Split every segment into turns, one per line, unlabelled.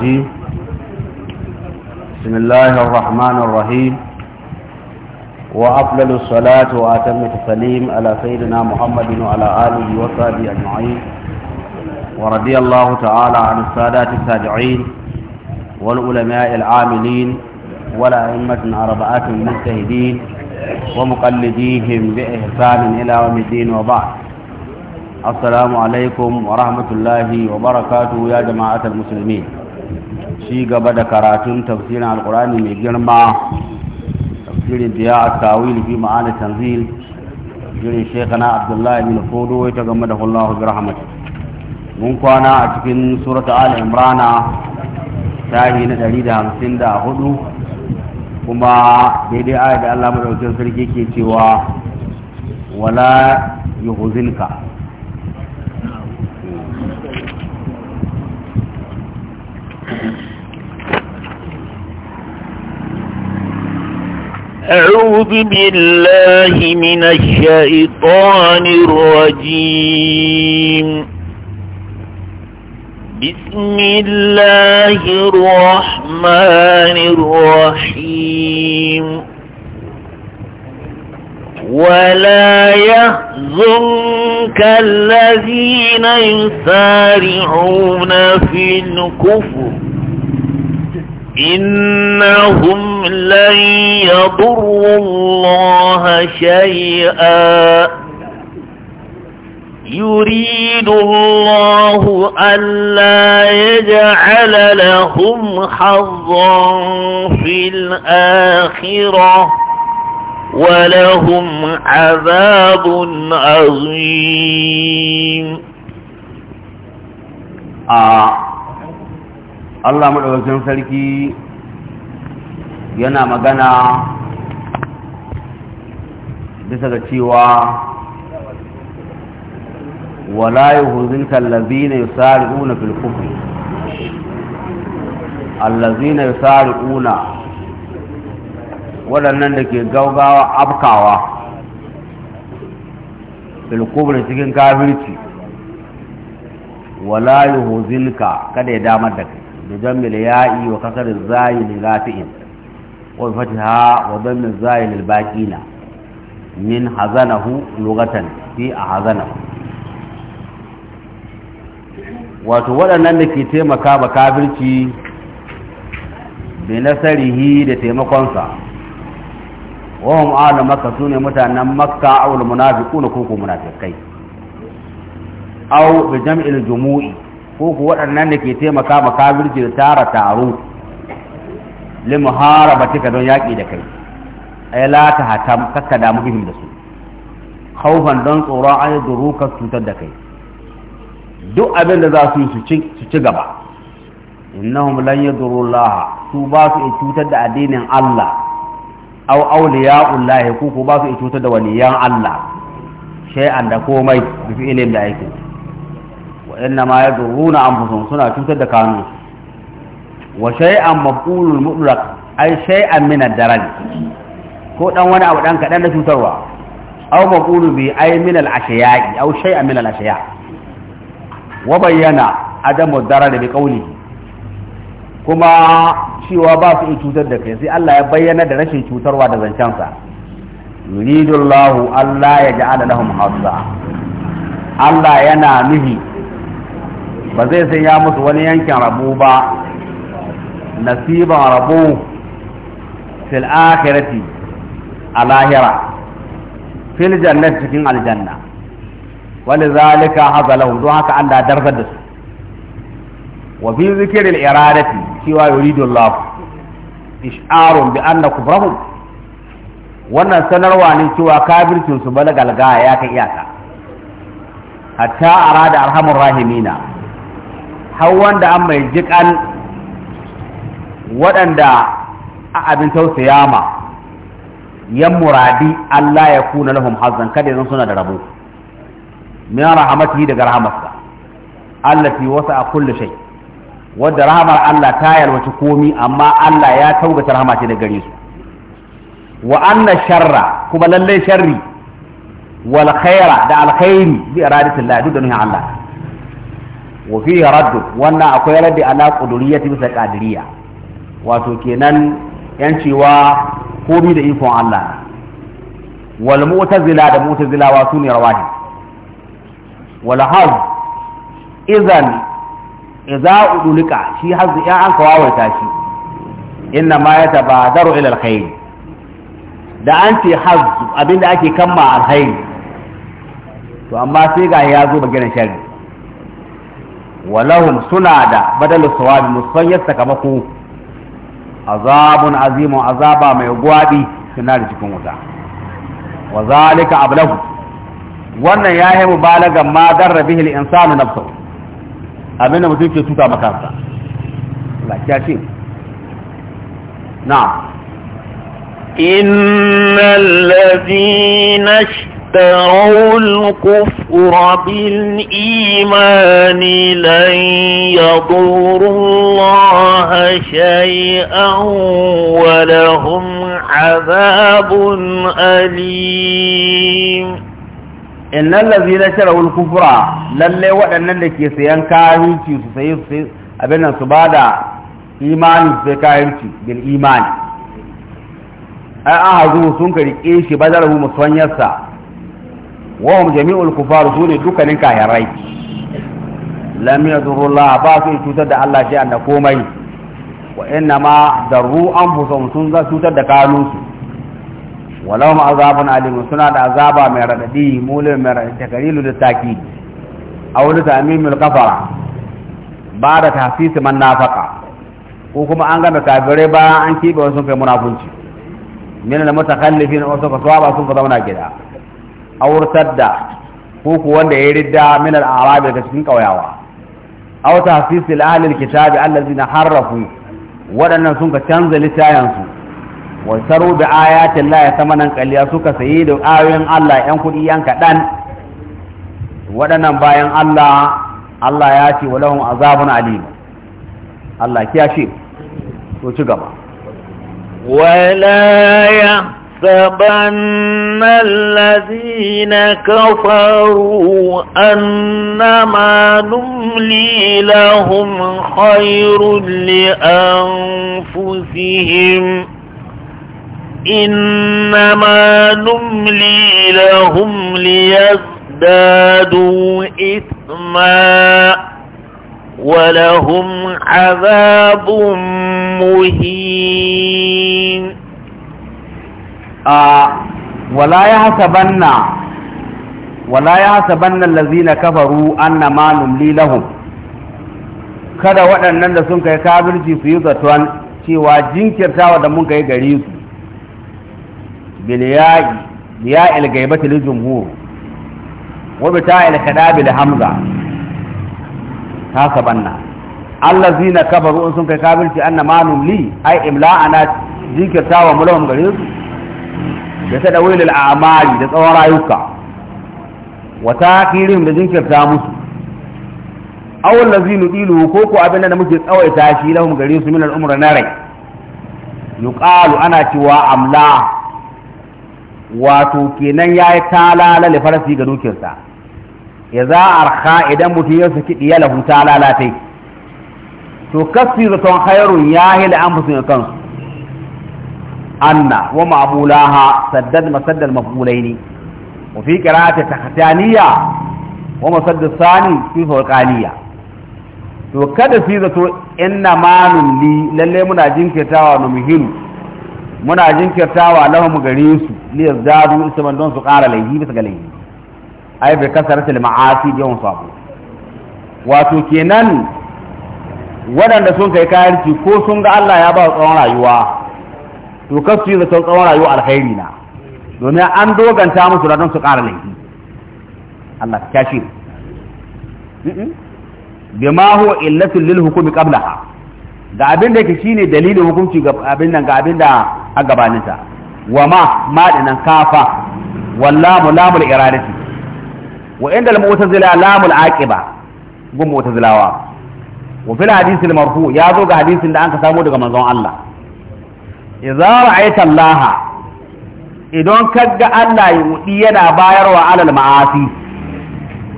الرجيم بسم الله الرحمن الرحيم وأفضل الصلاة وأتم التسليم على سيدنا محمد وعلى آله وصحبه أجمعين ورضي الله تعالى عن السادات التابعين والعلماء العاملين والأئمة أربعة المجتهدين ومقلديهم بإحسان إلى يوم الدين وبعد السلام عليكم ورحمة الله وبركاته يا جماعة المسلمين ci gaba da karatun tafsirin alkurani mai girma tafsirin biya a tawil fi ma'ana tanzil jirin shekana abdullahi bin fodo ya ta game da hullahu bi rahmatu mun kwana a cikin surata al imrana tahi na ɗari da hamsin da hudu kuma daidai ayat da allah madaukin sarki ke cewa wala yuhuzinka
أعوذ بالله من الشيطان الرجيم بسم الله الرحمن الرحيم ولا يحزنك الذين يسارعون في الكفر إنهم لن يضروا الله شيئا يريد الله ألا يجعل لهم حظا في الآخرة ولهم عذاب عظيم آه.
Allah maɗaukakin sarki yana magana bisa ga cewa wala yuhzinka filkufi allazi na yi tsari yusari'una waɗannan da ke gaugawa afkawa filkufi na cikin kafirci wala ka kada ya damar da ka. بجم الياء وكسر الزاي لرافع وفتحها وضم الزاي للباقين من حزنه لغة في أحزنه wato waɗannan da ke taimaka ba kafirci bi nasarihi da taimakonsa wahum ala makka su ne mutanen makka aul munafiquna ko ko munafiqai aw bi jam'il jumu'i ko ku waɗannan da ke taimaka ma kafirci da tara taro lima ba muharabatika don yaƙi da kai ay la ta kakka da muhim da su haufan don tsoron an ay duruka cutar da kai duk abin da za su yi su ci gaba innahum lan duru Allah su ba su cutar da addinin Allah aw awliya'ullahi ko ku ba su cutar da waliyan Allah shay'an da komai bi fi'ilin da aikin inna ma yadurruna anfusahum suna cutar da kanu wa shay'an maqulul mutlaq ay shay'an min ad-daraj ko dan wani abu dan kadan na cutarwa aw maqulu bi ay min al-ashiya'i aw shay'an min al-ashiya wa bayyana adamu ad-daraj bi qawlihi kuma cewa ba su cutar da kai sai Allah ya bayyana da rashin cutarwa da zancensa yuridullahu Allah ya ja'ala lahum hasa Allah yana nuhi ba zai sai ya musu wani yankin rabu ba nasiban rabu fil akhirati a lahira fil jannati cikin aljanna wani zalika hazalahum don haka Allah darzar da su wa fi zikirin iradati cewa yuridu Allah ish'arun bi anna kufrahum wannan sanarwa ne cewa kafircin su balagalga ya kai iyaka hatta arada arhamur rahimina har da an mai jiƙan waɗanda a abin tausaya ma yan muradi Allah ya kuna lahum hazzan kada yanzu suna da rabo min rahamatihi daga rahamarsa allati a kulli shay wadda rahamar Allah ta yalwaci komi amma Allah ya taugata rahama ce da gare su wa anna sharra kuma lalle sharri wal khaira da alkhairi bi iradatillah duk da nuhi Allah wa fi raddu wannan akwai raddi ala quduriyyati bisa kadiriya wato kenan yan cewa da ikon Allah wal mu'tazila da wa sune rawahi wal haz idan idza udulika shi haz ya an kawaita shi inna ma yatabadaru ila alkhair da an ce haz abinda ake kamma alkhair to amma sai ga ya zo gina sharri walahum suna da badal sawabi musanyar sakamako azabun azimun azaba mai gwadi suna da cikin wuta wa zalika wannan ya yi mubalagan ma darra bihil insanu nafsahu abinda mutum ke
إن الذين تروا الكفر بالإيمان لن يضر الله شيئا ولهم عذاب أليم إن الذي نشره الكفر
للي وأن لك سينكاهي سيسير أبنى سبادا إيمان سيكاهي بالإيمان أعظم سنك لكيش بدله مصنيسا wa hum jami'ul kufar sune dukkanin kafirai lam yadurullah ba su cutar da Allah shi anna komai wa inna ma darru anfusahum sun za cutar da kanunsu walau ma azabun alim suna da azaba mai radadi mulin mai radadi takarilu da taki aw li tamimil kafara ba da tahsis man nafaka ko kuma an gama kafirai ba an kibe wasu kai munafunci min al mutakallifin wasu kasuwa ba sun ka zauna gida aurtar da ko ku wanda ya ridda min al-arab daga cikin kauyawa aw tahsisil ahli al-kitab allazina harrafu wadannan sun ka canza litayan su wa saru bi ayati llahi samanan qaliya suka sayi da ayoyin Allah yan kudi yan kadan wadannan bayan Allah Allah ya ce walahum azabun alim Allah kiyashe to ci gaba
wala ya يحسبن الذين كفروا أنما نملي لهم خير لأنفسهم إنما نملي لهم ليزدادوا إثما ولهم عذاب مهين
wala ya hasabanna wala ya hasabanna allazina kafaru anna ma numli lahum kada waɗannan da sun kai kafirci su yi zaton cewa jinkirtawa da mun kai gari su bil ya'i ya ilgaibati lil jumhur wa bi ta'il kadabi da hamza hasabanna allazina kafaru sun kai kafirci anna ma li, ai imla'ana jinkirtawa mulahum gari su da ta amali da tsawon rayuka wa takirin da jinkirta musu awon lazi nudilu ko ko abin da muke tsawaita shi lahum gare su min al'umra na rai yuqalu ana cewa amla wato kenan yayi talala li farasi ga dukirsa ya za arha idan mutum ya saki diya lahu talala tai to kafi zaton khairun yi la anfusun kansu anna wa ma'bulaha saddad masaddal maf'ulaini wa fi qira'ati tahtaniya wa masadd sani fi furqaniya to kada fi zato inna manun li lalle muna jinkirtawa no muhim muna jinkirtawa lahum gare su li yazdadu isman don su qara laihi bisa ga ay bi kasratil ma'asi yawm sabu wato kenan waɗanda sun kai kayanci ko sun ga Allah ya ba su tsawon rayuwa to kasu yi zaton tsawon rayuwa alkhairi na domin an doganta musu da don su ƙara laifi Allah ta shi bima huwa illatul lil hukumi qablaha ga abin da yake shine dalilin hukunci ga abin nan ga abin da a gabaninta wa ma ma dinan kafa wallamu lamul iradati wa inda al-mu'tazila lamul aqiba gun mu'tazilawa wa fil hadith al-marfu ya zo ga hadisin da an ka samu daga manzon Allah idza ra'aita Allah idan kaga Allah ya yudi yana bayarwa alal ma'asi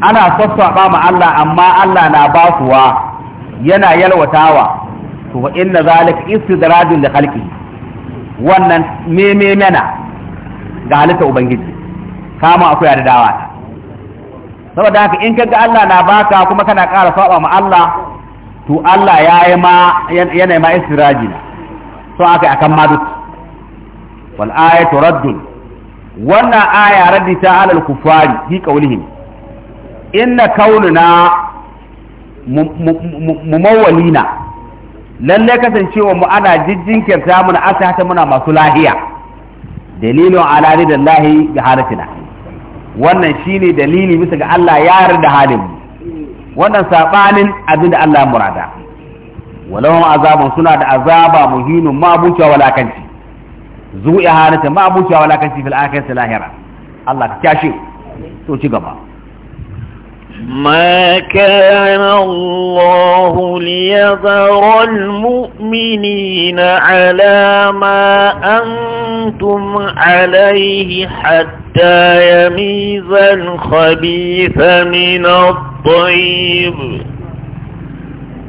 ana sassaba ma Allah amma Allah na basuwa yana yalwatawa to wa inna zalika istidrajun li khalqi wannan meme mana ga halitta ubangiji kama akwai da dawa saboda haka in kaga Allah na baka kuma kana ƙara saba ma Allah to Allah ya yi ma yana ma istiraji sun aka akan madut wal ayatu raddun wannan aya raddi ta alal kufari fi qaulihim inna kaununa mumawwalina lalle kasancewa mu ana jijjinkirta muna asata muna masu lahiya dalilun ala ridallahi bi halatina wannan shine dalili bisa ga Allah ya yarda halin wannan sabanin abinda Allah murada ولهم عذاب سنة عذاب مهين ما بوشا ولا كنتي ذو إهانة ما بوشا ولا كنتي في الآخرة الآخرة الله كاشي تو تجمع
ما كان الله ليذر المؤمنين على ما أنتم عليه حتى يميز الخبيث من الطيب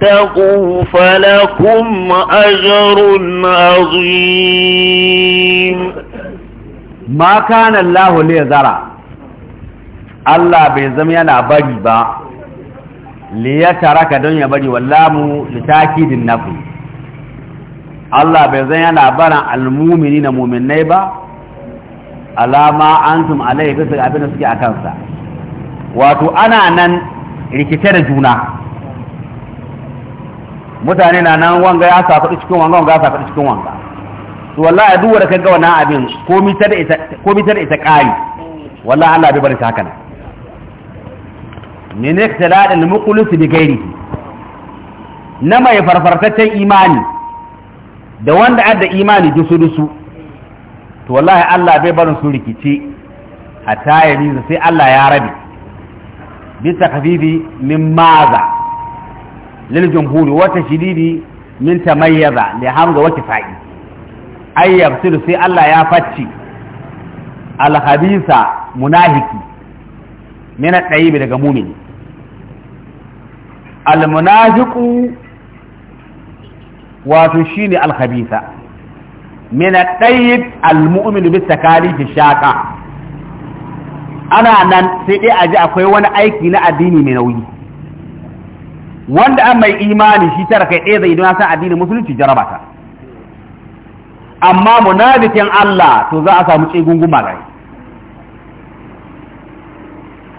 تتقوا فلكم أجر عظيم ما كان الله ليذرع
Allah bai zama yana bari ba li ya don ya bari wallamu li takidin Allah bai zama yana barin almumini na muminai ba alama antum alaihi bisa abin da suke a kansa wato ana nan rikice da juna mutane na nan wanga ya sa kuɗi cikin wanga wanga ya sa kuɗi cikin wanga to wallahi duk wanda kaga wannan abin komi ta da ita komi ta da ita kai wallahi Allah bai bari ta haka nan min iktila al muqlis bi ghairi na mai farfartaccen imani da wanda adda imani dusu dusu to wallahi Allah bai barin su rikici hatta ya sai Allah ya rabe bisa takhfifi mimma maza lil jumhuri wa tashdidi min tamayyaza li hamza wa kifai ay yafsiru sai Allah ya facci al khabisa munahiki min al daga mumini al munafiqu wato shine al khabisa min al tayyib al mu'minu bit ana nan sai dai aji akwai wani aiki na addini mai nauyi wanda an mai imani shi tara kai ɗaya zai don san addinin musulunci jaraba ta amma munafikin Allah to za a samu tsegungun malai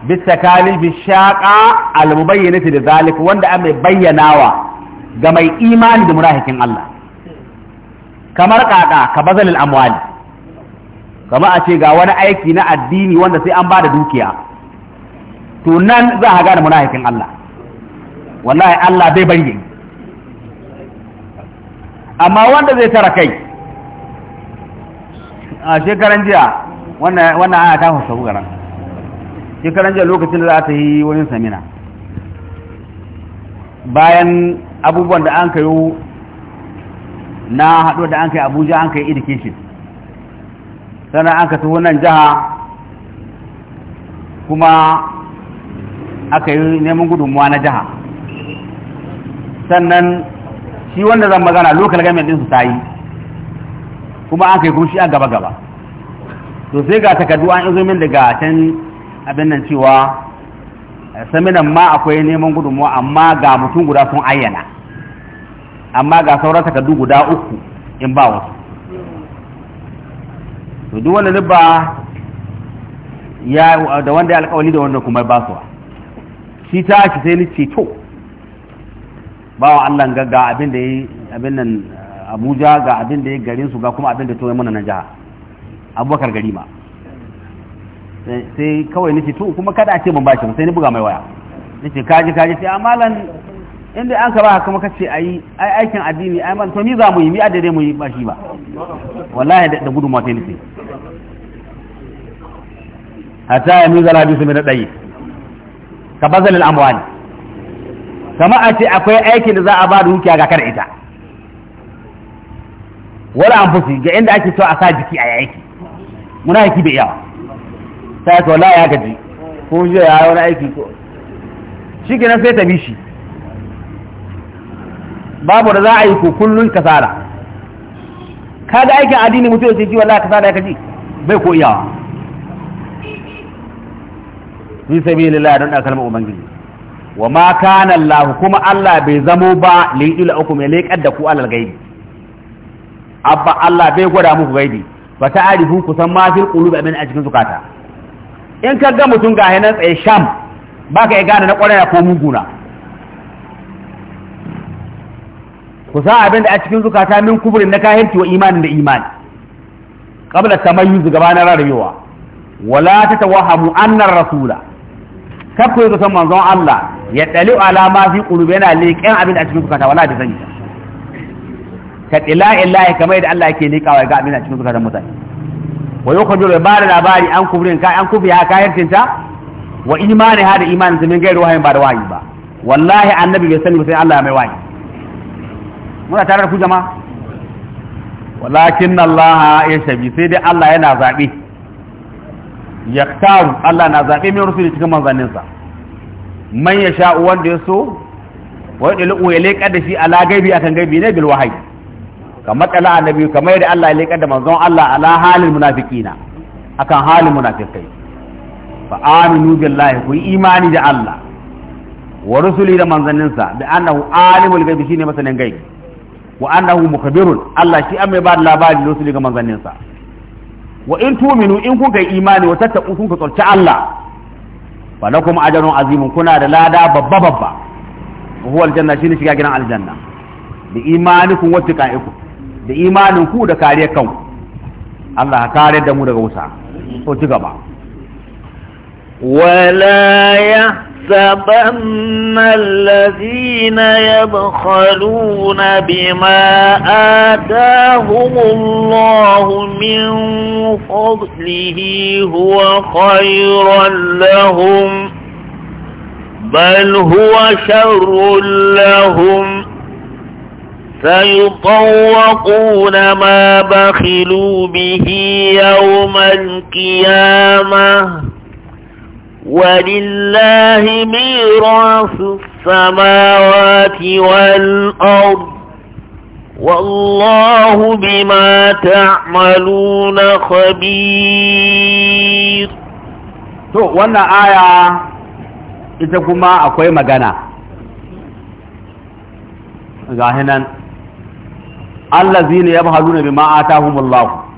bisa kalin fi shaƙa almubayyanati da zalika wanda an mai bayyanawa ga mai imani da munafikin Allah kamar kaka ka bazalil amwali kama a ce ga wani aiki na addini wanda sai an ba da dukiya to nan za a gane munafikin Allah wallahi Allah bai bari yayi amma wanda zai tara kai a shekaran jiya wannan wannan aya ta fasahu garan shekaran jiya lokacin da za ta yi wani samina bayan abubuwan da an kayo na haɗo da an kai abuja an kai education sannan an ka taho nan jiha kuma aka yi neman gudunmuwa na jiha sannan shi wanda zan magana local government din su ta yi kuma an kai kuma shi an gaba gaba to sai ga takardu an izo min daga can abin nan cewa eh, saminan ma akwai neman gudunmuwa amma ga mutum guda sun ayyana amma ga sauran takardu guda uku in ba wasu to duk wanda ba ya da wanda ya alƙawari da wanda kuma ba su shi ta shi sai ni ce to bawa Allah ga ga abin da ya abin nan Abuja ga abin da ya garin su ga kuma abin da to mana na jaha Abubakar Garima sai kawai nace to kuma kada a ce ban bashi sai ni buga mai waya nace kaji kaji sai amalan ah, inda an ka ba kuma kace ayi ai aikin addini ai man to ni za mu yi mi adade mu yi ba shi ba wallahi da gudu ma sai nace hatta ya mi zalabi su mi da dai ka bazal al amwali kama a ce akwai aikin da za a ba da dukiya ga kada ita wala an fusi ga inda ake so a sa jiki a aiki muna aiki bai yawa sai ka wala ya gaji ko je ya wani aiki ko shi nan sai ta bishi babu da za a yi ko kullun kasara kaga aikin addini mutum sai ji wala kasara ya kaji bai ko iyawa fi sabilillah don a kalmar ubangiji wa ma kana Allah kuma Allah bai zamo ba li ila ukum ya da ku alal gaibi abba Allah bai gwada muku gaibi fa arifu ku san ma fil qulubi amin a cikin zukata in ka ga mutum ga hinan tsaye sham baka ka gane na ƙwaraya ko muguna ku san abin da a cikin zukata min kuburin na kahirci wa imanin da imani qabla tamayyuz gabanin rarrabewa wala tatawahamu anna rasula kar ku yi manzon Allah ya ɗali alama fi ƙulubi yana leƙen abin da a cikin zukata wala da sani ka ɗila illahi kamar yadda Allah yake leƙawa ga abin da cikin zukatan mutane wa yau kwajo ba da labari an kubrin ka an kubiya kayan tinta wa imani ha da imani zamin gairu wahayin ba da wahayi ba wallahi annabi bai sani ba sai Allah mai wahayi muna tare da ku jama'a walakin Allah ya shabi sai dai Allah yana zaɓe yaktaru Allah na zaɓe mai rusuli cikin manzanninsa man ya sha wanda ya so wani ɗali'u ya leƙa da shi ala gaibi akan gaibi ne bil wahayi kamar tsala annabi kamar yadda Allah ya leƙa da manzon Allah ala halin munafiqina akan halin munafikai fa aminu billahi ku imani da Allah wa rusuli da manzanninsa da annahu alimul gaibi shine masanin gaibi wa annahu mukhbirun Allah shi an mai ba labari rusuli ga manzanninsa wa in tuminu in kun kai imani wa tattaqu kun ka tsorci Allah falakum ajrun azimun kuna da lada babba babba huwa aljanna shine shiga gidan aljanna bi imanikum wa tiqaikum da imanin ku da kariyar kanku Allah kare da mu daga wuta to ci gaba
wala ya يحسبن الذين يبخلون بما آتاهم الله من فضله هو خيرا لهم بل هو شر لهم سيطوقون ما بخلوا به يوم القيامة ولله ميراث السماوات والأرض والله بما تعملون خبير to wannan
aya ita kuma akwai magana gahinan allazina yabhaluna bima atahumullahu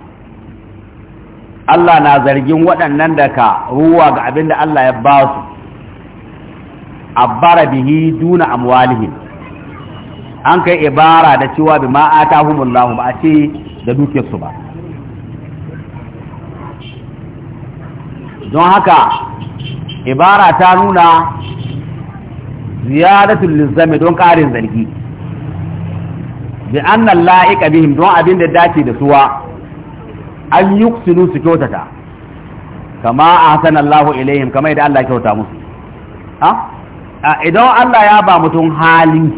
Allah na zargin waɗannan da ka ruwa ga abin da Allah ya ba su a bara bihi duna amwalihim an kai ibara da cewa bi ma atahumullahu ba a ce da dukiyarsu ba don haka ibara ta nuna ziyadatul lizami don ƙarin zargi bi annal la'iqa bihim don abin da dace da suwa an yi kusuru su kyautata kama ahsana Allah ilayhim kama idan Allah kyauta musu ha idan Allah ya ba mutum hali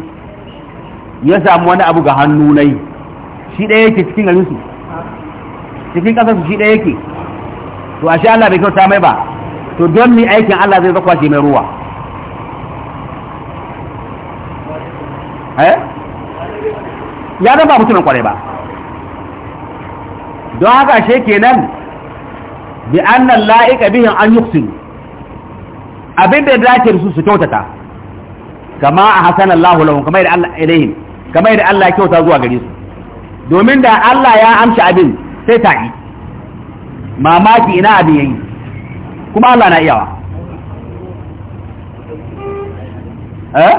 ya samu wani abu ga hannu nai shi ɗaya yake cikin garin cikin kasar su shi ɗaya yake to ashe Allah bai kyauta mai ba to don ni aikin Allah zai zakwa shi mai ruwa eh ya ba mutumin kwarai ba don haka she kenan bi annal la'ika bihin an yuksiru abinda ya dace su su kyautata kama a hasan Allah lahum kama da Allah ya kama Allah kyauta zuwa gare su domin da Allah ya amshi abin sai ta yi mamaki ina abin yayi kuma Allah na iyawa eh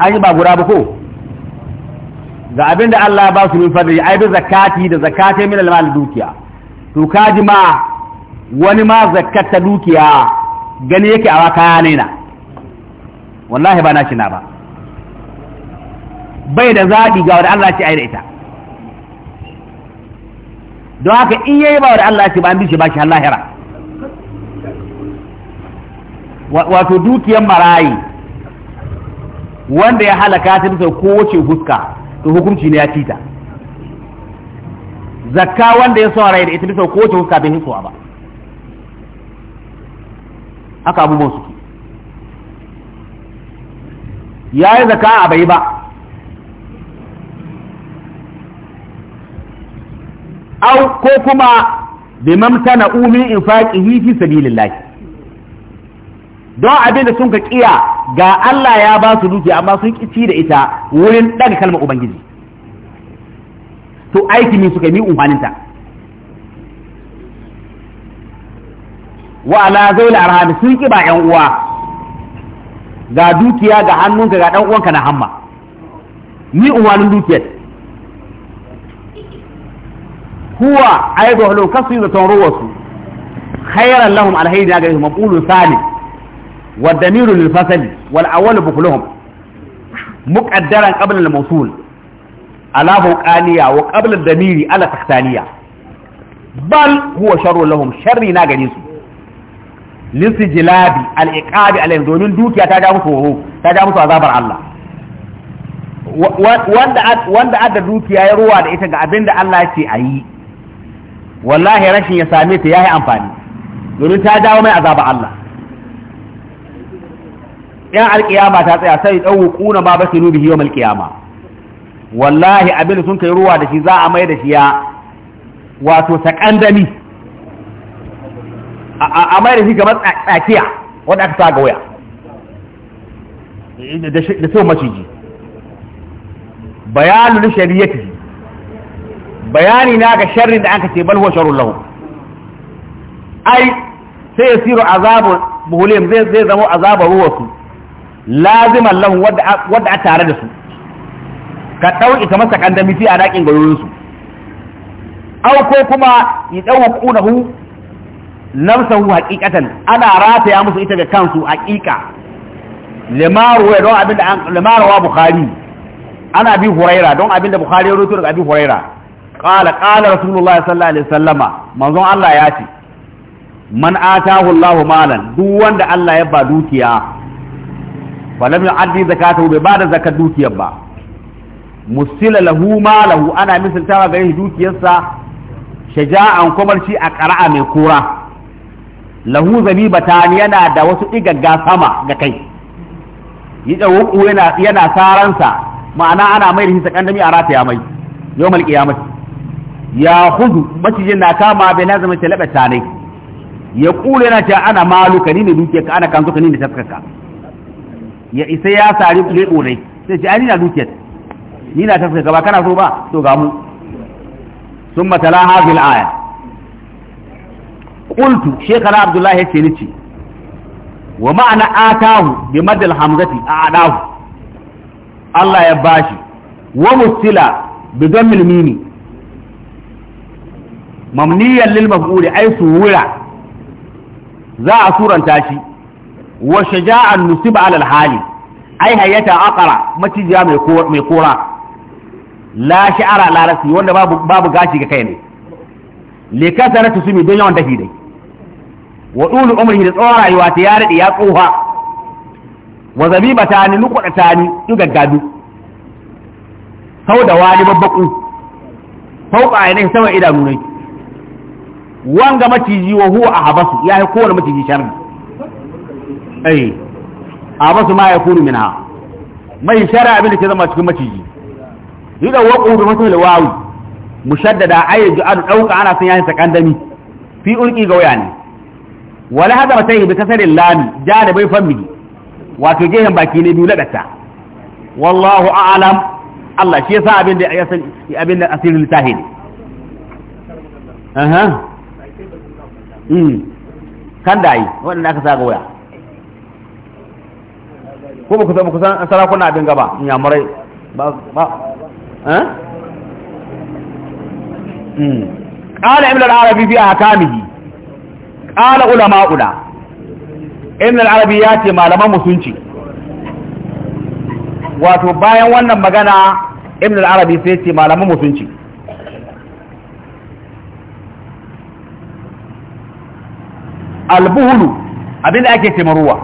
an yi ba guda ba ko ga abin da Allah ba su min fadli ai bi zakati da zakatai min almal dukiya to ka ji ma wani ma zakata dukiya gani yake a kaya ne na wallahi ba na shi na ba bai da zaɓi ga wanda Allah ce ai da ita don haka in yayi ba wanda Allah ce ba an bi shi ba shi lahira wato dukiyar marayi wanda ya halaka ta bisa kowace fuska to hukunci ne ya ci zakka wanda ya sa rai da ita bisa kowace huska bai hitsuwa ba haka abubuwan suke ya yi zakka a bai ba au ko kuma bi mamtana umin infaqihi fi sabilillah don abin da sun ka kiya ga Allah ya ba su dukiya amma sun kici da ita wurin daga kalmar ubangiji to aiki ne suka yi umfaninta wa ala zaul arham sun kiba ba yan uwa ga dukiya ga hannunka ga ɗan uwanka na hamma ni umfanin dukiyar huwa aibu halu kasu da tawrawasu khairan lahum na ga maqulun salim والضمير للفصل والأول بكلهم مقدرا قبل الموصول على فوقانية وقبل الضمير على تختانية بل هو شر لهم شر ناقنيس للسجلاب الإقاب عليهم دومين دوكيا تجاوز وهو تجاوز عذاب الله wanda adda dukiya ya ruwa da ita ga abin da Allah ce a yi wallahi rashin ya same ta ya yi amfani domin ta dawo mai azaba Allah yan alƙiyama ta tsaya sai dawu kuna ma basiru bihi yawmal malƙiyama. wallahi abin sun kai ruwa da shi za a mai da shi ya wato sakandami a mai da shi kamar tsakiya wanda aka sa ga waya da sau maciji bayanin shari'ati bayani na ga sharrin da aka ce bal huwa sharrun lahu ai sai yasiru azabu buhulim zai zai zama azabar ruwa su laziman lahu wadda a tare da su ka ɗauki ita masa kandamiti a dakin garurinsu au ko kuma yi ɗau hukunahu nafsahu haƙiƙatan ana rataya musu ita ga kansu haƙiƙa limaruwa don abin da wa bukhari ana bi huraira don abin da bukhari ya rubuta daga abi huraira qala qala rasulullah sallallahu alaihi wasallama manzon Allah ya ce man atahu Allahu malan duk wanda Allah ya ba dukiya falam yu'addi zakatahu bai bada zakat dukiyar ba musila lahu malahu ana misaltawa ga yin dukiyarsa shaja'an shi a qara'a mai kura lahu zabibatani yana da wasu igagga sama ga kai yi tsawo yana yana saransa ma'ana ana mai da shi sakandami a rataya mai yawmal qiyamati ya khudu macijin na kama bai lazama talaba tanai ya kula yana ta ana maluka ni ne ka, ana kan zuka ni ne tafkarka ya isa ya sari ne ne sai ce ainihin na dukiyar ni na tafiya gaba kana so ba to ga mu sun matala hafi al'aya aya shekara abdullahi ya ce ni ce wa ma'ana atahu bi madal hamzati a a'adahu Allah ya bashi wa mustila bi dhamm al-mim mamniyan lil ai su wura. za a suranta shi wa shaja'an nusiba alal hali ai hayyata aqara macijiya mai mai kora la sha'ara la rasi wanda babu babu gashi ga kai ne li kasaratu sumi don yawan dahi dai wa dulu umri da tsawon rayuwa ta ya rade ya tsoha wa zabibata ni da ni in gaggadu sau da wani babbaku sau a yanayi sama idanu ne wanga maciji wa huwa a habasu ya yi kowane maciji sharri ai eh, a basu ma ya kuru mina mai shara abin da ke zama cikin maciji yi da waƙo da masu lawawi mushaddada ayi ju'adu ɗauka ana son yayin sakandami fi ulki ga waya ne wala hada mata yi bi kasarin lami ja da bai famili wato gehen baki ne biyu ladatta wallahu a'lam Allah shi yasa abin da ya san abin da asirin littafi ne aha hmm. da kan dai wanda aka sa ga waya ko ba ku san ba ku san sarakuna abin gaba nyamurai. ba ba eh قال ابن العربي في احكامه قال علماؤنا ابن Arabi ya ce malaman musunci wato bayan wannan magana ibn al-arabi sai ce malaman musunci Al-buhulu abin da ake ce ruwa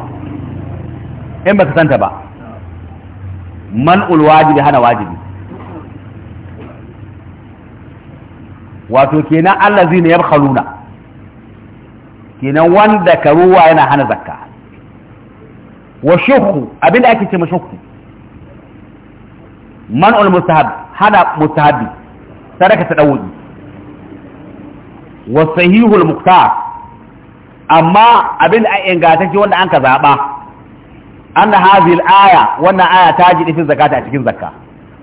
in baka santa ba man wajibi hana wajibi wato kenan allazi ne ya yabkhaluna kenan wanda karuwa yana hana zakka wa shukku abinda ake ce mashukku man ul mustahab hana mustahabi sadaka ta dawoji wa sahihul muqtar amma abin a ingantacce wanda an ka zaɓa. An hadhihi al-aya wannan aya ta ji fi zakata a cikin zakka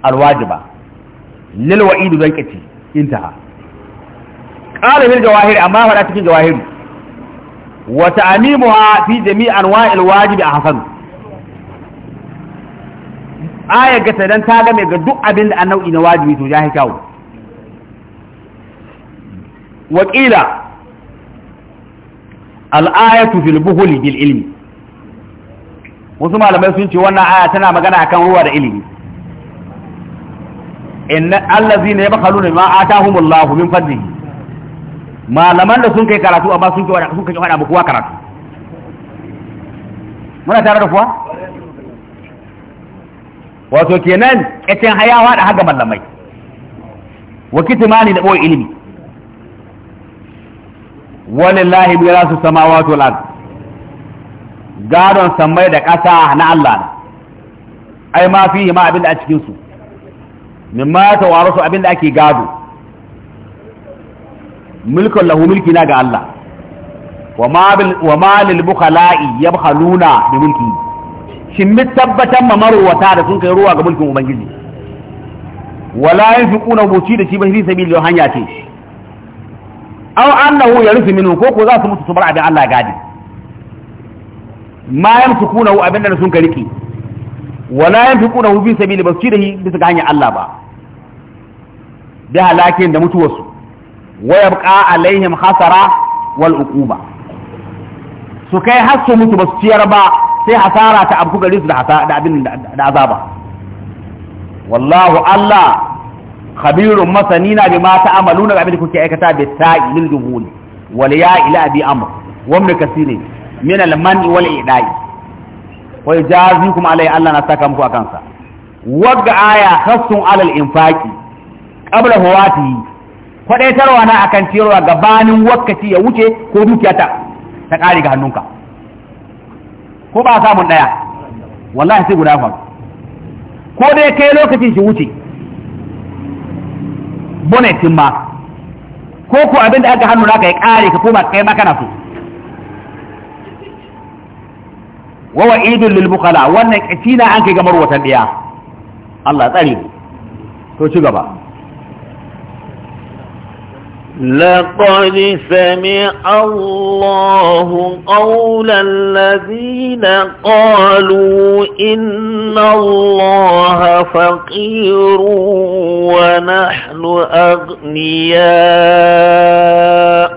al-wajiba lil wa'id dan kace intaha qala bil jawahir amma fara cikin jawahir wa ta'mimuha fi jami' anwa'il wajib ahsan aya ga ta dan ta ga mai ga duk abinda da nau'i na wajibi to jahi fil buhuli bil ilmi wasu malamai sun ce wannan aya tana magana akan ruwa da ilimi inna kalu ne ma atahumullahu min fadlihi malaman da sun kai karatu amma sun kai sun kai fada kowa karatu muna tare da kuwa wato kenan kacin hayawa da haga malamai wa kitmani da boye ilimi walillahi mirasu samawati wal ardh gadon sammai da ƙasa na Allah ne ai ma fi ma abin da a cikinsu. min ma ta waro su abin da ake gado mulkin lahu mulki na ga Allah wa ma bil la'i ya lil bukhala'i da mulki shin mi tabbatan ma marwata da sun kai ruwa ga mulkin ubangiji wala ƙuna buci da shi ba fi sabilillah hanya ce An annahu rufe mini ko ko za su mutu su bar abin Allah gadi ma yamsukunahu abinda sun ka rike wala yamsukunahu bi sabili basu da bisa ga hanyar Allah ba da halakin da mutuwarsu wa yabqa alaihim hasara wal uquba su kai har su mutu basu ciyar ba sai hasara ta abku gare su da da abin da azaba wallahu Allah khabirun masanina bima ta'maluna abin da kuke aikata bi ta'il lil juhul wal ya ila bi amr wa min kasirin من al والإعداء ويجاز idai علي yajazikum alai Allah na saka muku akan sa wagga aya khassun alal infaqi qabla تيروا kwadaitarwa na akan ciyarwa gabanin تقالي ya wuce ko dukiyata ta ga hannunka ko ba samun daya wallahi sai guda faru ko dai kai lokacin shi wuce bonetin ma ko ko abin da aka hannu naka ya kare ka koma kai ma kana so wa wa'idun lil bukala wannan kitina an kai gamar watan diya
Allah tsare to ci gaba لقد سمع الله قول الذين قالوا إن الله فقير ونحن أغنياء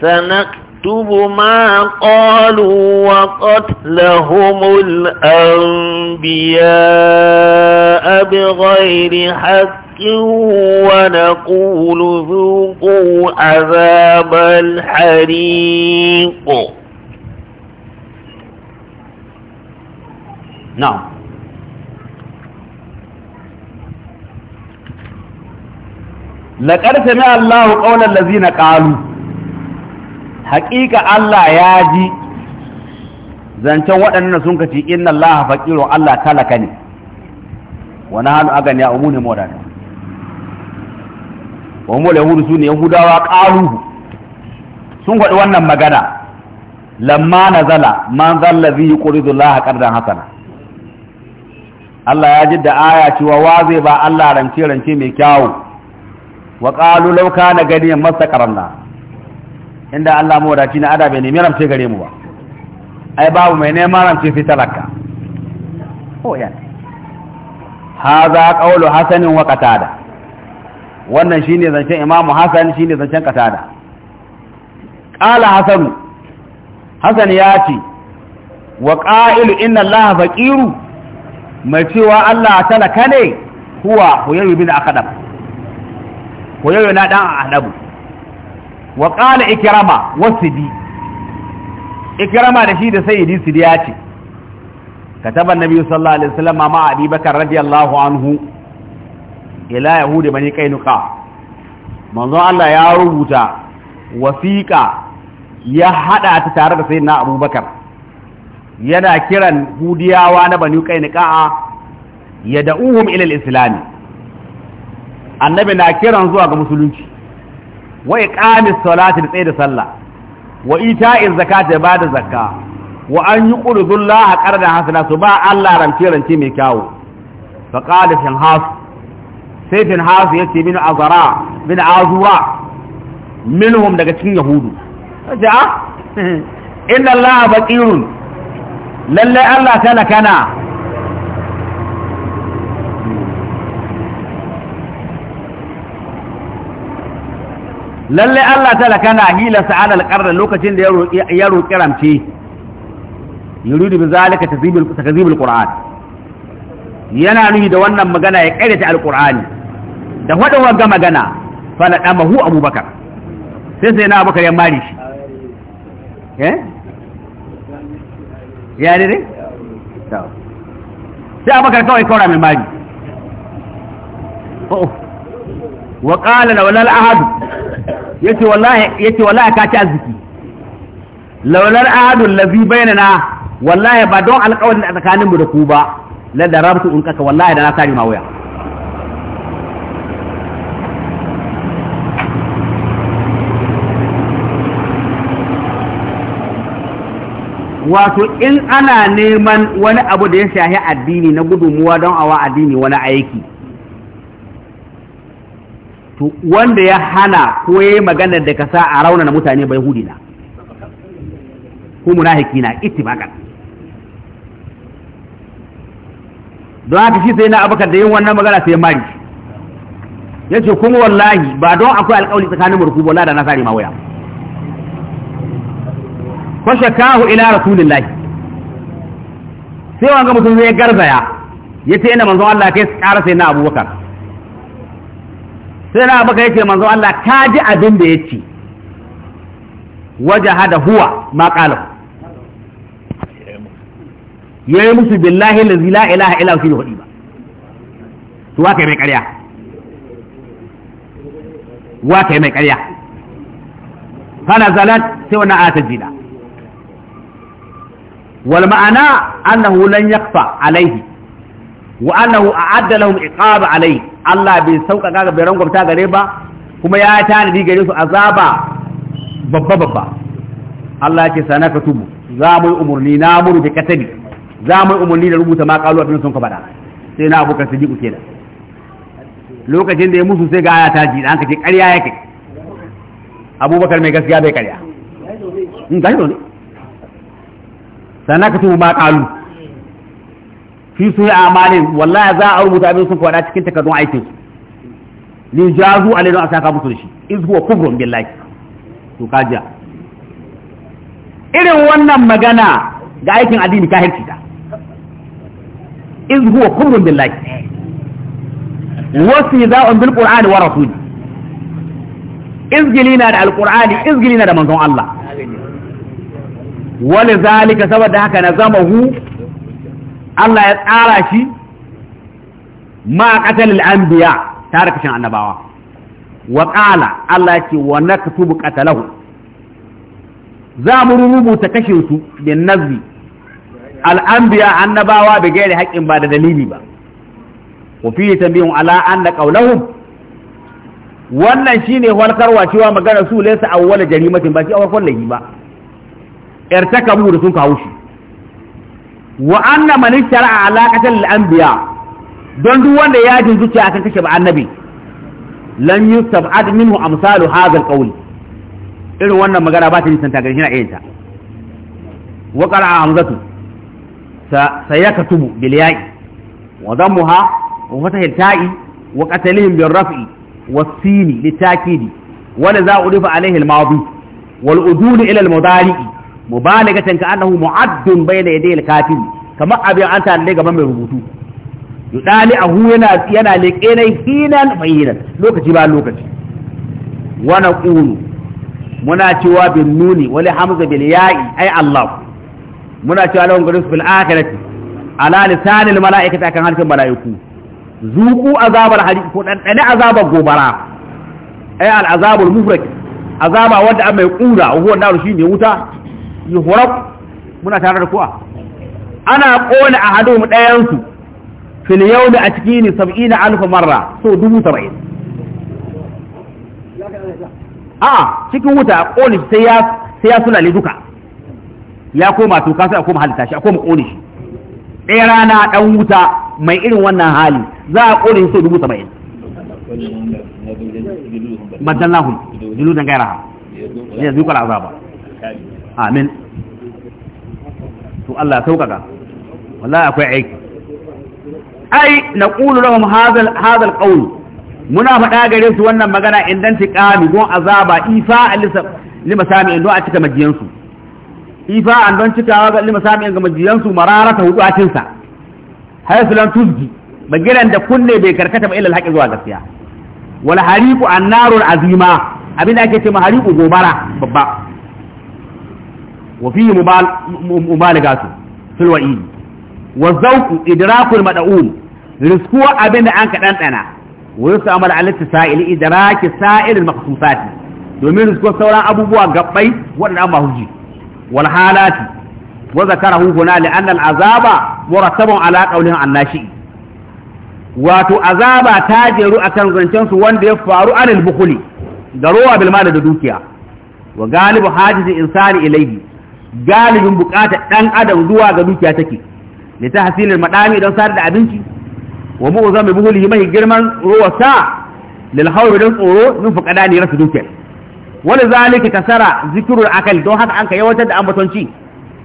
سنكتب يكتب ما قالوا وقتلهم الأنبياء بغير حق ونقول ذوقوا عذاب الحريق نعم
لقد سمع الله قول الذين قالوا haƙiƙa Allah ya ji zancen waɗannan sun kaci inna Allah faƙiro Allah talaka ne wani hannu agan ya umu ne mawadata wa mu yahudu su ne yahudawa ƙaruhu sun faɗi wannan magana lamma na zala man zalla zai yi ƙuridu Allah ƙardan hasana Allah ya ji da aya cewa wa zai ba Allah rance rance mai kyawu wa ƙalu lauka na gani masa ƙaranna inda Allah mu wadaci na adabe ne mai ramce gare mu ba ai babu mai neman ramce sai talaka oh ya haza qawlu hasan wa qatada wannan shine zancen imamu hasan shine zancen qatada qala hasan hasan ya ce wa qa'ilu inna Allah faqiru mai cewa Allah talaka ne huwa huyayu bin akadab huyayu na dan adabu wa ikirama wasu wasidi ikrama da shi da sayyidi sidi ya ce kataba annabi sallallahu alaihi wasallam ma abi bakar radiyallahu anhu ila yahudi bani qainuqa manzo Allah ya rubuta wasiƙa ya hada ta tare da sayyidina abubakar yana kiran hudiyawa na bani qainuqa ya da'uhum ila al-islam annabi na kiran zuwa ga musulunci wa iqamis salati da tsaye da sallah wa ita'iz zakati ba da zakka wa an yuqridu Allah qarda hasana su ba Allah rance rance mai kyawu fa qala finhas sai finhas yace min azara min azura minhum daga cikin yahudu ja ah, inna Allah baqirun lalle Allah kana, kana. Lallai Allah talaka na hila sa'an alƙarra lokacin da ya roƙi ramce yuridu bi zalika takzibul qur'an yana nuhi da wannan magana ya ƙaryata alqur'ani da faɗin wagga magana fa na dama hu abubakar sai sai na abubakar ya mari shi eh ya ne dai sai abubakar kawai kawra mai mari oh. wa qala lawla al ahad yace wallahi wallahi ka ci arziki laular ahadul bayyana na wallahi ba don alƙawarin da tsakanin mu da ku ba la darabtu in kaka wallahi da na sari ma waya wato in ana neman wani abu da ya shahi addini na gudunmuwa don awa addini wani aiki to wanda ya hana ko ya yi magana da ka sa a raunana mutane bai hudi na ko munafiki na ittifakan don haka shi sai na abakar da yin wannan magana sai mari ya ce kuma wallahi ba don akwai alkawali tsakanin murku bola da nasari ma waya kwashe kahu ila rasulillahi sai wanga mutum zai garzaya ya ce ina manzon Allah kai ƙara sai na abubakar sai na abaka yake manzo Allah ka ji abin da yace Waje da huwa ma Ya yi musu billahi allazi la ilaha ila huwa hudi ba Su wa mai karya. wa mai karya. fana zalat sai wani wannan ayata jida wal ma'ana annahu lan yakfa alaihi wa annahu a'adda lahum iqaba alaihi Allah bai sauƙaƙa ga bai gwamta gare ba kuma ya tanadi gare su azaba babba babba Allah ya ce sana ka tubu za mu yi umarni na muru da katabi za mu yi umarni da rubuta ma kalu abin sun ka bada sai na abokan su jiku kenan lokacin da ya musu sai ga aya ta ji da hanka ce ƙarya yake abubakar mai gaskiya bai ƙarya in gani ne sana ka tubu ma kalu fi su yi amalin wallahi za a rubuta abin sun kwada cikin takardun aikin su li jazu alai don a saka musu da shi iz huwa kufrun billahi to kaja irin wannan magana ga aikin addini ka kafirci ta iz huwa kufrun billahi wasu za'un bil qur'ani wa rasuli izgilina da alqur'ani izgilina da manzon Allah Wani walizalika saboda haka na zama hu Allah ya tsara shi ma qatalil anbiya tare kashin annabawa wa qala Allah ce wa naktubu qatalahu za mu rubuta kashe su da nazi. al anbiya annabawa bi gairi haƙƙin ba da dalili ba wa fi tambihun ala da qawluhum wannan shine walkarwa cewa magana su laysa awwala jarimatin ba shi awwal lahi ba irtakabu da sun kawo shi wa anna man ishtara ala qatal anbiya don duk wanda ya jin zuciya akan kashe ba annabi lan yustab'ad minhu amsalu hadha al qawl irin wannan magana ba ta nisan ta gari shi na iya ta wa qala hamzatu sayaktubu bil ya'i wa dammuha wa fatah al ta'i wa qatalihim bil raf'i was sin litakidi wa la za'udifa alayhi al madi wal udul ila al mubalagatan ka annahu mu'addun bayna yaday al-kafiri kamar abin an ta ne gaban mai rubutu yudali ahu yana yana leke ne hinan fayinan lokaci ba lokaci wa naqulu muna cewa bin nuni wal hamza bil ya'i ay Allah muna cewa lawan gurin fil akhirati ala lisanil mala'ikati kan halkin mala'iku zuku azabar hari ko dan dane azabar gobara ay al azabul mufrad azaba wanda an mai kura huwa nar shine wuta yuhrab muna tare da kuwa ana kona mu dayan su fil yawmi a cikin 70000 marra so 70 a cikin wuta a kone sai ya sai ya sulale duka ya koma to kasu a koma halitta shi a koma kone shi ɗaya rana ɗan wuta mai irin wannan hali za a kone shi so 70 maddallahum jiludan gairaha ya zuƙa azaba amin to Allah saukaka sauƙaƙa wallahi akwai aiki ai na ƙulu lahum hadha alqawl muna faɗa gare su wannan magana indan tiƙami go azaba ifa lima sami indo a cika majiyansu ifa an don cikawa ga lima sami ga majiyansu marara ta hudu atinsa har su lan tuzgi magiran da kunne bai karkata ba ilal haƙi zuwa gaskiya wal hariqu annarul azima abin da ake ce ma hariqu gobara babba وفيه مبالغات في الوئيد والذوق إدراك المدعوم رزقوا أبن أنك أنتنا ويستعمل على التسائل إدراك سائر المخصوصات domin risko sauran abubuwa gabbai waɗanda an mahuji wal halati wa zakarahu huna li anna al azaba murattabun ala qawlihi annashi wato azaba ta jeru akan zancen su wanda ya faru anil bukhuli da rowa bil da dukiya wa galibu hajizi insani ilayhi galibin bukatar dan adam zuwa ga dukiya take ta tahsilil madami don sadar da abinci wa za mu buhuli mai girman ruwa sa lil don tsoro min fuqada ne rasu dukiya. wani zalika kasara zikrul akal don haka an ka yawatar da ambatonci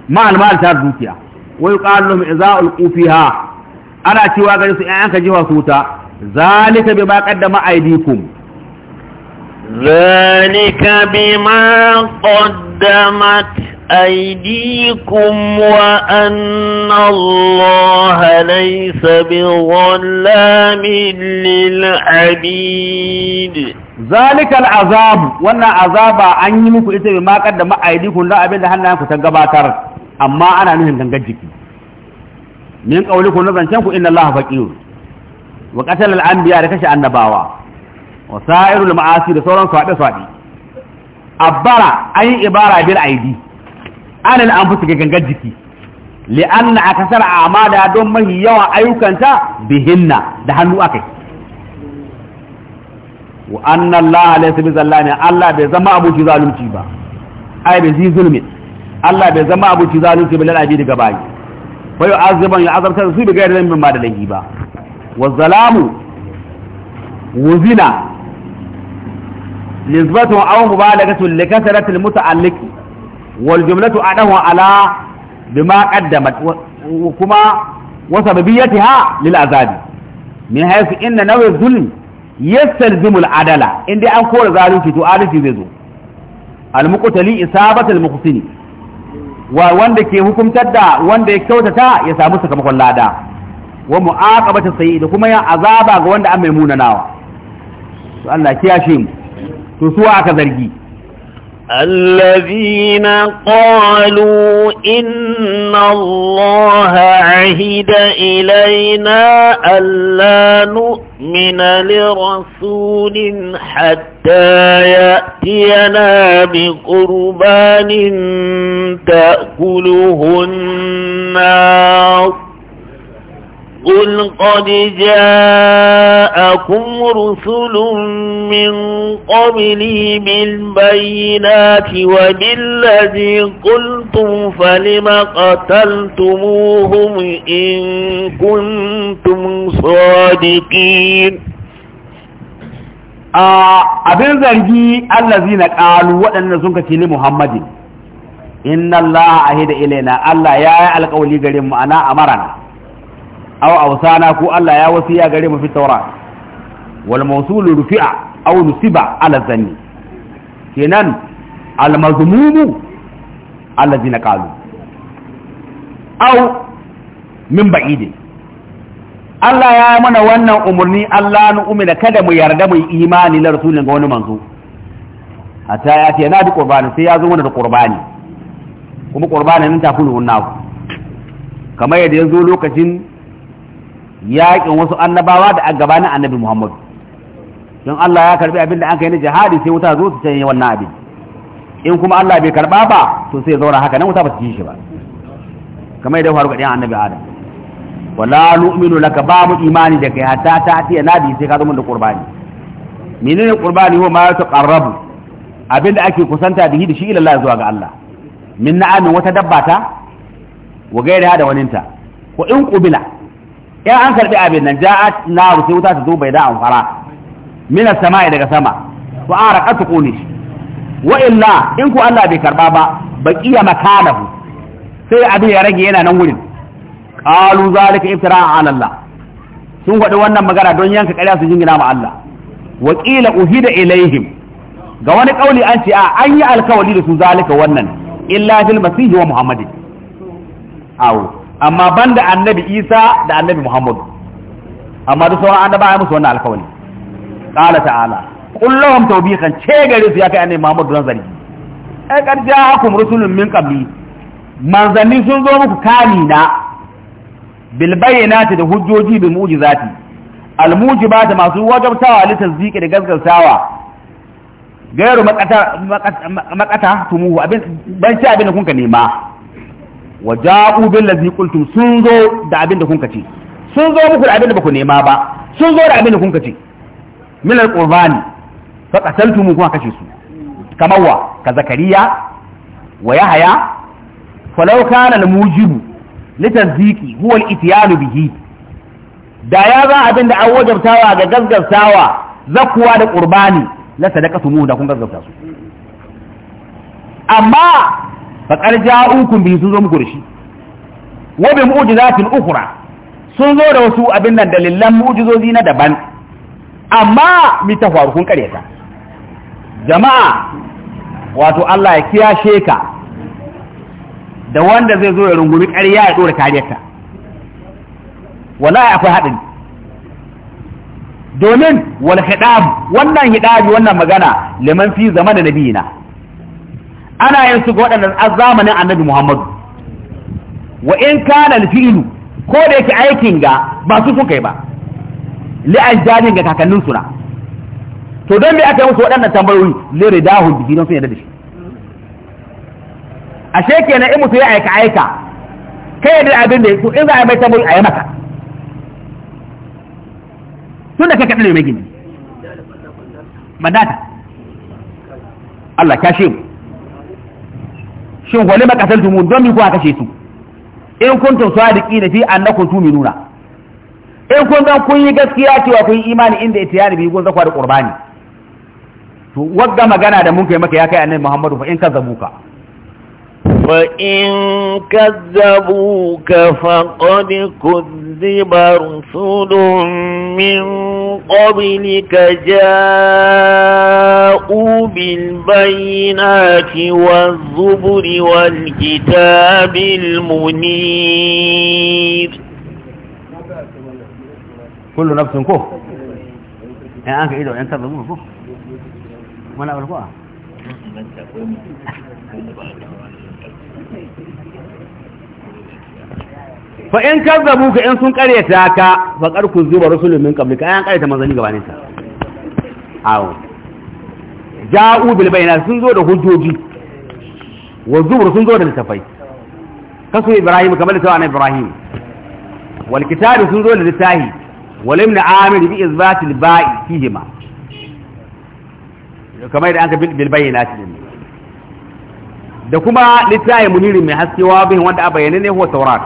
ma almal ta dukiya wa yuqalu lahum idza ulqu fiha ana cewa ga su an ka jiwa suta ta zalika bima qaddama aydikum
zalika bima qaddamat أيديكم وأن الله ليس بظلام للعبيد ذلك
العذاب وانا عذاب أن يمكو إتبه ما قدم أيديكم لا أبدا هل نعمكو تنقباتر أما أنا نهم تنقجك من قولكم نظرا شنكو إن الله فكير وقتل الأنبياء لكش النباوة وسائر المعاصي لصورا صعبة صعبة أبرا أي عبارة بالأيدي anan an fusu ga gangar jiki li'anna akasar amada don mahi yawa ayyukanta bihinna da hannu akai wa anna Allah laysa bi zallami Allah bai zama abuci zalunci ba ai bai zi zulmi Allah bai zama abuci zalunci bil abi daga bayi fa yu'aziban yu'azabta su bi gairi min ma da laifi ba wa zalamu wuzina nisbatun aw mubalaghatun li kasratil muta'alliqi wal jumlatu adahu ala bima qaddamat kuma wa sababiyatiha lil azab min haythu inna nawi zulm yastalzimu al adala inda an kora zalunci to adalci zai zo al muqtali isabatu al muqsini wa wanda ke hukumtar da wanda ya kyautata ya samu sakamakon lada wa mu'aqabatu sayi da kuma ya azaba ga wanda an mai munanawa to Allah kiyashe mu to suwa aka zargi
الذين قالوا إن الله عهد إلينا ألا نؤمن لرسول حتى يأتينا بقربان تأكله النار قل قد جاءكم رسل من قبلي بالبينات وبالذي قلتم فلم قتلتموهم إن كنتم صادقين آه، أبن
زرجي الذين قالوا أن نزنك في محمد إن الله أهد إلينا الله يا القولي قريم أنا أمرنا aw awsana ko Allah ya wasiya gare mu fi tawrat wal mawsul rufi'a aw nusiba ala zanni kenan al mazmumu allazina qalu aw min ba'idin Allah ya mana wannan umarni Allah nu umina kada mu yarda mu imani na rasulin ga wani manzo hatta ya ce na bi qurbani sai ya zo mana da qurbani kuma qurbanin ta kullu naku kamar yadda ya zo lokacin Yakin wasu annabawa da a gabanin annabi Muhammadu don Allah ya karbi abin da an kai na jihadi sai wuta zo su canye wannan abin in kuma Allah bai karba ba to sai zauna haka nan wuta ba su ji shi ba kamar yadda faru ga ɗayan annabi Adam wala nu'minu laka ba mu imani da kai hatta ta tiya nabi sai ka zo mun da qurbani menene qurbani huwa ma Abin da ake kusanta da shi da shi ila Allah zuwa ga Allah min na'amin wata dabba ta wa gairaha da waninta ko in qubila ya an karbi abin nan ja'at naru sai wuta ta zo bai da an fara min samai daga sama wa araqat qunish wa illa in ku Allah bai karba ba baqiya makalahu sai abin ya rage yana nan wurin qalu zalika iftira'a 'ala Allah sun faɗi wannan magana don yanka ƙarya su jingina ma Allah wa qila uhida ilaihim ga wani kauli an ce a an yi alkawali da su zalika wannan illa fil masih wa muhammadin awo amma ban da annabi isa da annabi muhammadu amma duk sauran annaba ya musu wannan alkawali ƙala ta'ala Kullum Ta'ubi kan ce gare su ya kai annabi muhammadu don zargi ai ja hakum rusulun min qabli manzanni sun zo muku kani na bil bayyinati da hujjoji bil mu'jizati al mujibati masu wajabtawa li tasdiqi da gaskatawa gairu makata makata tumuhu abin ban ci abin da kun ka nema wa ja'u bil ladzi qultum sun zo da abin da kun ce, sun zo muku da abin da baku nema ba sun zo da abin da kun kace min al-qur'ani fa qataltum kuma kace su kamar wa ka zakariya wa yahya falau kana al-mujibu litaziki huwa al-ityan bihi da ya za abin da an wajabtawa ga gaggausawa zakuwa da qurbani la sadaqatu mu da kun gaggauta su amma faƙar ja'ukum bihi sun zo muku da shi wa bi mu'jizatin ukhra sun zo da wasu abin nan dalilan mu'jizozi na daban amma mi ta faru kun jama'a wato Allah ya kiyashe ka da wanda zai zo ya rungumi ƙarya ya dora kariyarta wallahi akwai haɗin domin wal hidab wannan hidabi wannan magana liman fi da nabiyina ana yin su ga waɗanda a zamanin annabi muhammadu wa in kana fi'lu ko da yake aikin ga ba su suka yi ba li ajdadin ga kakannin suna to don me aka yi musu waɗannan tambayoyi li ridahu bihi don sun yarda da shi ashe kenan in mutum ya aika aika kai da abin da su in za a mai tambayoyi a yi maka tun da kaɗa ne mai gini mandata Allah kashe mu shin wale makasar tumu don mi kuwa kashe su in tun suwa da fi tumi nuna. in kun zan kun yi gaskiya cewa kun yi imani inda itiyani bi gun zakwa da qurbani to wagga magana da mun kai maka ya kai annabi Muhammadu fa in ka zabuka
فإن كذبوك فقد كذب رسل من قبلك جاءوا بالبينات والزبر والكتاب المنير
كل نفس كف يعني أنك
إذا أنت بقول كف
لا أقول fa in
kazzabu ka in sun karyata ka fa karku zuba rusulun min ka ayan karyata manzanni gabanin ta awo ja'u bil bayna sun zo da hujjoji wa zubur sun zo da litafai kasu ibrahim kamar da tawana ibrahim wal kitab sun zo da littafi wal ibn amir bi izbatil ba'i fihima kamar da an ka bil bayna din da kuma littafi muniri mai haskewa bin wanda a bayyane ne huwa taurat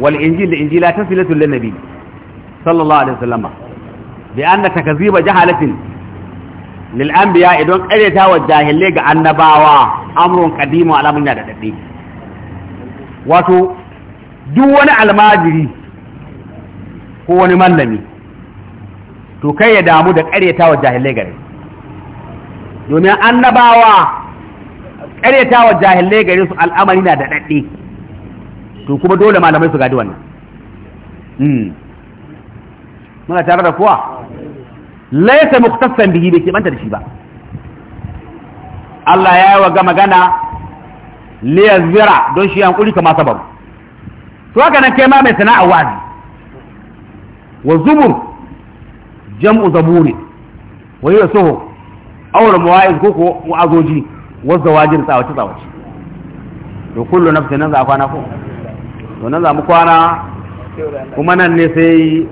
wal injil da injila ta tasilatul lanabi sallallahu alaihi wasallam bi anna takziba jahalatin lil anbiya idan qaryata wa jahille ga annabawa amrun qadimu alamun da dade wato duk wani almajiri ko wani mallami to kai ya damu da qaryata wa jahille gare domin annabawa wa jahilai gare su al'amari na da dadde to kuma dole malamai su gadi wannan hmm. muna tare da kuwa laisa muktasan bihi bai kimanta da shi ba Allah ya yi wa ga magana liyar zira don shi yankuri kama sababu to haka nan kai mai sana'a wazi wa zubur jam'u zaburi wa yi soho aure mawa'iz koko wa'azoji wazza wajin tsawace tsawace to kullu nafsin nan za a kwana ko to nan za mu kwana kuma nan ne sai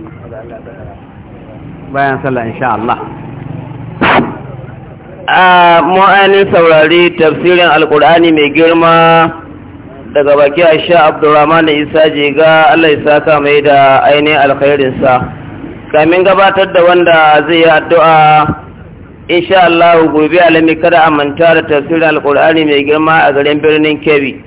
bayan sallah
insha Allah a mu'anin saurari tafsirin alkur'ani mai girma daga baki a sha abdurrahman da isa jiga allah isa ka mai da ainihin alkhairinsa kamin gabatar da wanda zai yi addu'a insha Allah gobe alami kada a manta da tafsirin alkur'ani mai girma a garin birnin Kebbi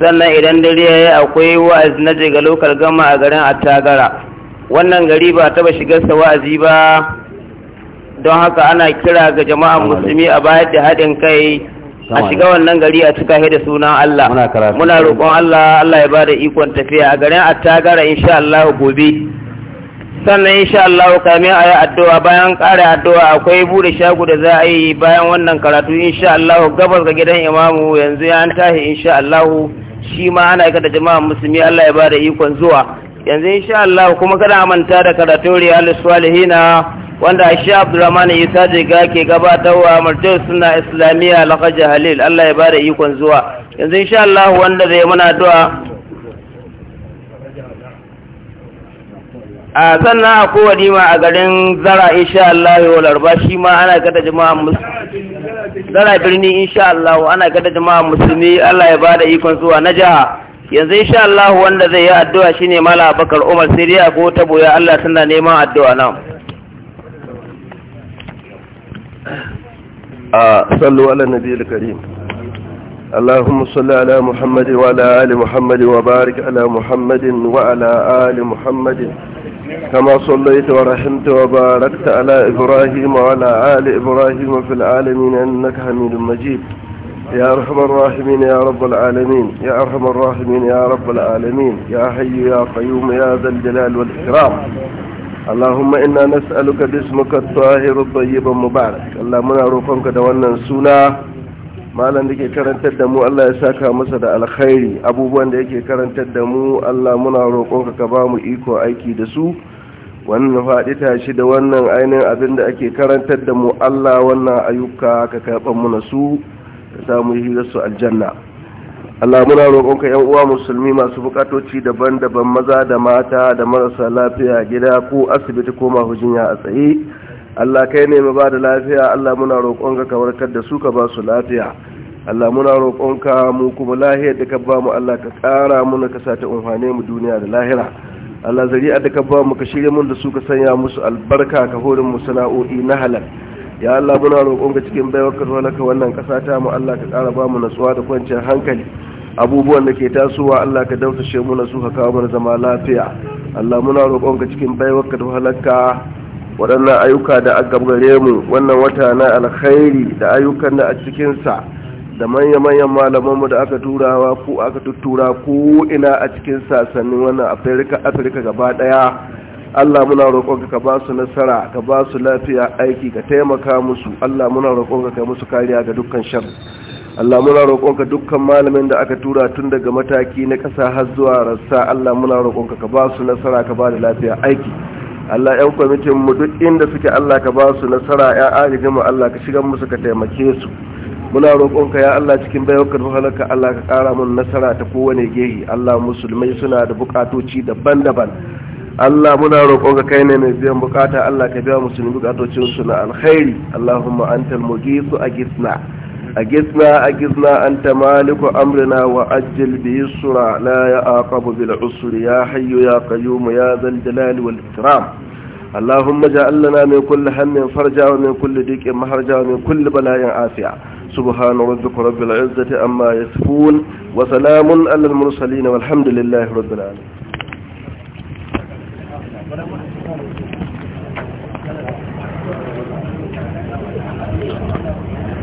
sannan idan dare ya yi akwai wa'azi na jiga lokal gama a garin Attagara wannan gari ba taba shigarsa wa'azi ba don haka ana kira ga jama'an musulmi a bayar da haɗin kai a shiga wannan gari a cika da sunan Allah muna roƙon Allah Allah ya bada ikon tafiya a garin Attagara insha Allah gobe sannan insha Allah kamin a yi addu'a bayan ƙare addu'a akwai buɗe shago da za a yi bayan wannan karatu insha Allah gabas ga gidan imamu yanzu ya an tahi insha Allah shi ma ana yi da jama'a musulmi Allah ya bada ikon zuwa yanzu insha Allah kuma kada manta da karatun riyalu Salihina wanda shi abdurrahman isa ga ke gabatarwa martar suna islamiyya alhaji halil allah ya bada ikon zuwa yanzu insha Allah wanda zai muna addu'a a sannan a kowane ma a garin zara insha Allah wa larba shi ma ana kada jama'a
musulmi
zara birni insha Allah ana gada jama'a musulmi Allah ya bada ikon zuwa na jiha yanzu insha Allah wanda zai yi addu'a shine mala bakar umar sai dai ko ta ya Allah tana
neman addu'a nan a sallu ala al karim اللهم صل على محمد وعلى آل محمد وبارك على محمد وعلى آل محمد كما صليت ورحمت وباركت على إبراهيم وعلى آل إبراهيم في العالمين إنك حميد مجيد يا أرحم الراحمين يا رب العالمين يا أرحم الراحمين يا رب العالمين يا حي يا قيوم يا ذا الجلال والإكرام اللهم إنا نسألك باسمك الطاهر الطيب المبارك اللهم نعرفك دوانا سنة malam da ke karantar da mu Allah ya saka masa da alkhairi abubuwan da yake karantar da mu Allah muna roƙonka ka ba mu iko aiki da su wannan faɗi tashi da wannan ainihin abin da ake karantar da mu Allah wannan ayyuka ka karɓar na su ka mu hira su aljanna Allah muna roƙonka yan uwa musulmi masu buƙatoci daban-daban maza da mata da marasa lafiya gida ko asibiti ko ya a tsaye Allah kai ne ma ba da lafiya Allah muna roƙonka ka warkar da su ka ba su lafiya Allah muna roƙonka mu kuma lahiyar da ka ba mu Allah ka ƙara muna ka sa ta umfane mu duniya da lahira Allah zari'a da ka ba mu ka shirya mun da su ka sanya musu albarka ka horin mu sana'o'i na halal ya Allah muna roƙonka cikin baiwar ka wannan ƙasa ta mu Allah ka ƙara ba mu natsuwa da kwanciyar hankali abubuwan da ke tasowa Allah ka dausashe mu na su ka kawo mana zama lafiya Allah muna roƙonka cikin baiwar ka waɗannan ayyuka da a gabgare mu wannan wata na alkhairi da ayyukan da a cikinsa da manya-manyan malamanmu da aka turawa ko aka tuttura ko ina a cikin sassanin wannan afirka afirka gaba ɗaya allah muna roƙonka ka ba su nasara ka ba su lafiya aiki ka taimaka musu allah muna roƙonka ka musu kariya ga dukkan shan Allah muna roƙonka dukkan malamin da aka tura tun daga mataki na ƙasa har zuwa rassa Allah muna roƙonka ka ba su nasara ka ba da lafiya aiki Allah yan kwamitin mu duk inda suke Allah ka ba su nasara ya agajin mu Allah ka shigar musu ka taimake su muna roƙonka ya Allah cikin bayyakar halaka Allah ka ƙara mun nasara ta kowane gehi Allah musulmai suna da buƙatoci daban-daban Allah muna roƙonka kai ne mai biyan buƙata Allah ka biya musulmi bukatocin su na alkhairi Allahumma antal a agisna أجثنا أجثنا أنت مالك أمرنا وأجل به السرع لا يعاقب بالعسر يا حي يا قيوم يا ذا الجلال والإكرام اللهم اجعل لنا من كل هم فرجا ومن كل ديك مهرجا ومن كل بلاء عافية سبحان ربك رب العزة أما يصفون وسلام على المرسلين والحمد لله رب العالمين